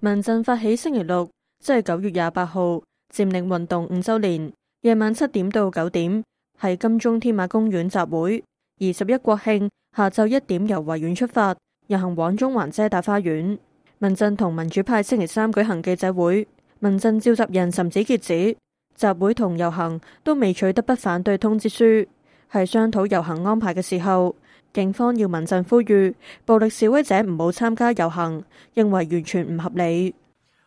民陣發起星期六，即係九月廿八號佔領運動五周年，夜晚七點到九點，喺金鐘天馬公園集會。而十一國慶下晝一點由維園出發，遊行往中環遮打花園。民陣同民主派星期三舉行記者會。民陣召集人岑子傑指，集會同遊行都未取得不反對通知書，係商討遊行安排嘅時候。警方要民陣呼籲暴力示威者唔好參加遊行，認為完全唔合理。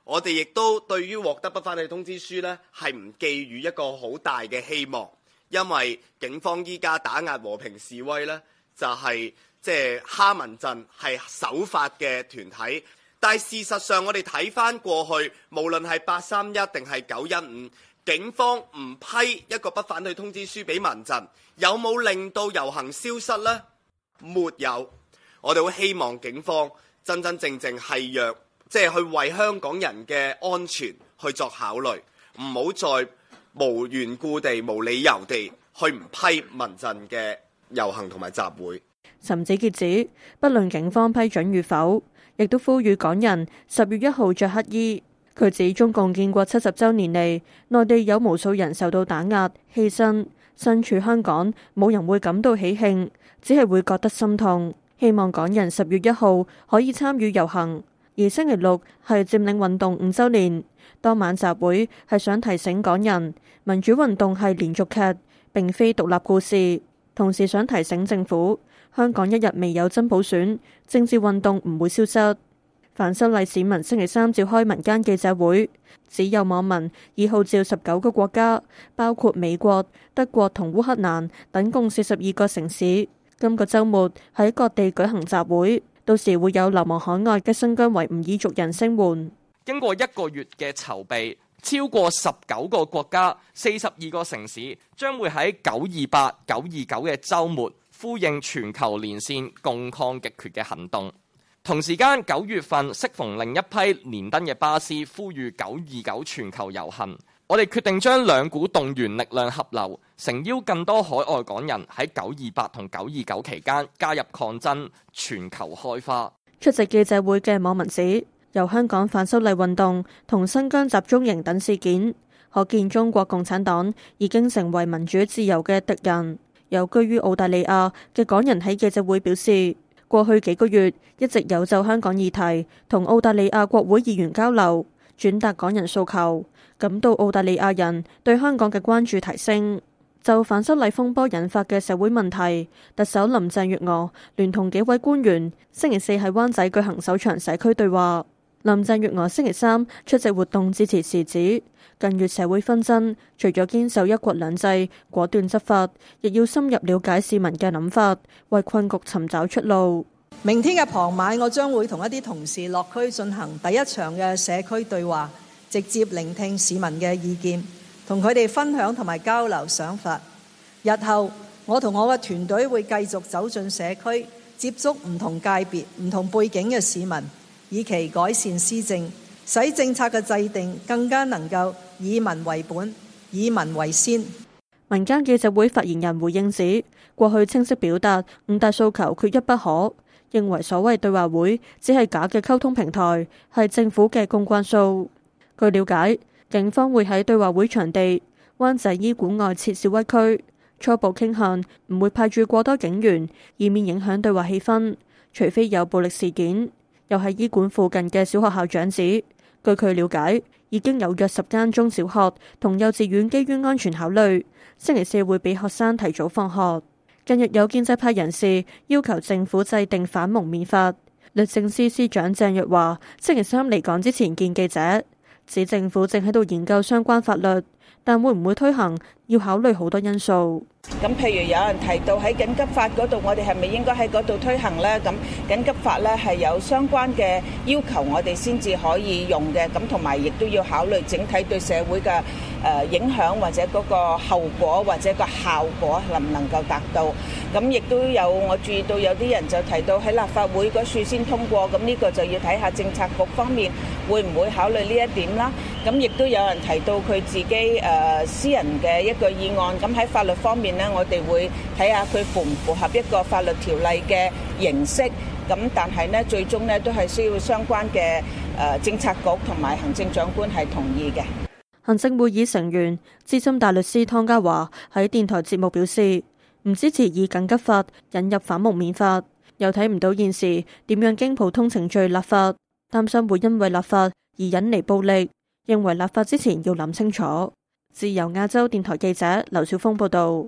我哋亦都對於獲得不反對通知書呢，係唔寄予一個好大嘅希望，因為警方依家打壓和平示威呢就係即係蝦民陣係守法嘅團體。但係事實上，我哋睇翻過去，無論係八三一定係九一五，警方唔批一個不反對通知書俾民陣，有冇令到遊行消失呢？沒有，我哋會希望警方真真正正係若即係去為香港人嘅安全去作考慮，唔好再無緣故地、無理由地去唔批民陣嘅遊行同埋集會。岑子傑指，不論警方批准與否，亦都呼籲港人十月一號着黑衣。佢指中共建國七十週年嚟，內地有無數人受到打壓、犧牲。身處香港，冇人會感到喜慶，只係會覺得心痛。希望港人十月一號可以參與遊行，而星期六係佔領運動五週年，當晚集會係想提醒港人民主運動係連續劇，並非獨立故事，同時想提醒政府，香港一日未有真普選，政治運動唔會消失。反修例市民星期三召開民間記者會，指有網民已號召十九個國家，包括美國、德國同烏克蘭等共四十二個城市，今個周末喺各地舉行集會，到時會有流亡海外嘅新疆維吾爾族人聲援。經過一個月嘅籌備，超過十九個國家、四十二個城市將會喺九二八、九二九嘅周末呼應全球連線共抗極權嘅行動。同時間，九月份適逢另一批連登嘅巴士呼籲九二九全球遊行，我哋決定將兩股動員力量合流，誠邀更多海外港人喺九二八同九二九期間加入抗爭，全球開花。出席記者會嘅網民指，由香港反修例運動同新疆集中營等事件，可見中國共產黨已經成為民主自由嘅敵人。有居於澳大利亞嘅港人喺記者會表示。過去幾個月一直有就香港議題同澳大利亞國會議員交流，轉達港人訴求，感到澳大利亞人對香港嘅關注提升。就反修例風波引發嘅社會問題，特首林鄭月娥聯同幾位官員星期四喺灣仔舉行首場社區對話。林鄭月娥星期三出席活動致辭時指，近月社會紛爭，除咗堅守一國兩制、果斷執法，亦要深入了解市民嘅諗法，為困局尋找出路。明天嘅傍晚，我將會同一啲同事落區進行第一場嘅社區對話，直接聆聽市民嘅意見，同佢哋分享同埋交流想法。日後，我同我嘅團隊會繼續走進社區，接觸唔同界別、唔同背景嘅市民。以期改善施政，使政策嘅制定更加能夠以民為本、以民為先。民間記者會發言人回應指，過去清晰表達五大訴求，缺一不可。認為所謂對話會只係假嘅溝通平台，係政府嘅公關數。據了解，警方會喺對話會場地灣仔伊館外設示威區，初步傾向唔會派駐過多警員，以免影響對話氣氛，除非有暴力事件。又係醫館附近嘅小學校長指，據佢了解，已經有約十間中小學同幼稚園基於安全考慮，星期四會俾學生提早放學。近日有建制派人士要求政府制定反蒙面法，律政司司長鄭若驊星期三嚟港之前見記者，指政府正喺度研究相關法律，但會唔會推行？要考慮好多因素。咁譬如，有人提到喺緊急法嗰度，我哋係咪應該喺嗰度推行咧？咁緊急法咧係有相關嘅要求，我哋先至可以用嘅。咁同埋亦都要考慮整體對社會嘅誒，影響或者嗰個後果或者個效果能唔能夠達到？咁亦都有我注意到有啲人就提到喺立法會嗰處先通過，咁呢個就要睇下政策局方面會唔會考慮呢一點啦。咁亦都有人提到佢自己誒，私人嘅一個議案，咁喺法律方面咧，我哋會睇下佢符唔符合一個法律條例嘅形式。咁但係咧，最終咧都係需要相關嘅誒政策局同埋行政長官係同意嘅。行政會議成員資深大律師湯家驊喺電台節目表示，唔支持以緊急法引入反蒙面法，又睇唔到現時點樣經普通程序立法，擔心會因為立法而引嚟暴力，認為立法之前要諗清楚。自由亞洲電台記者劉少峰報道。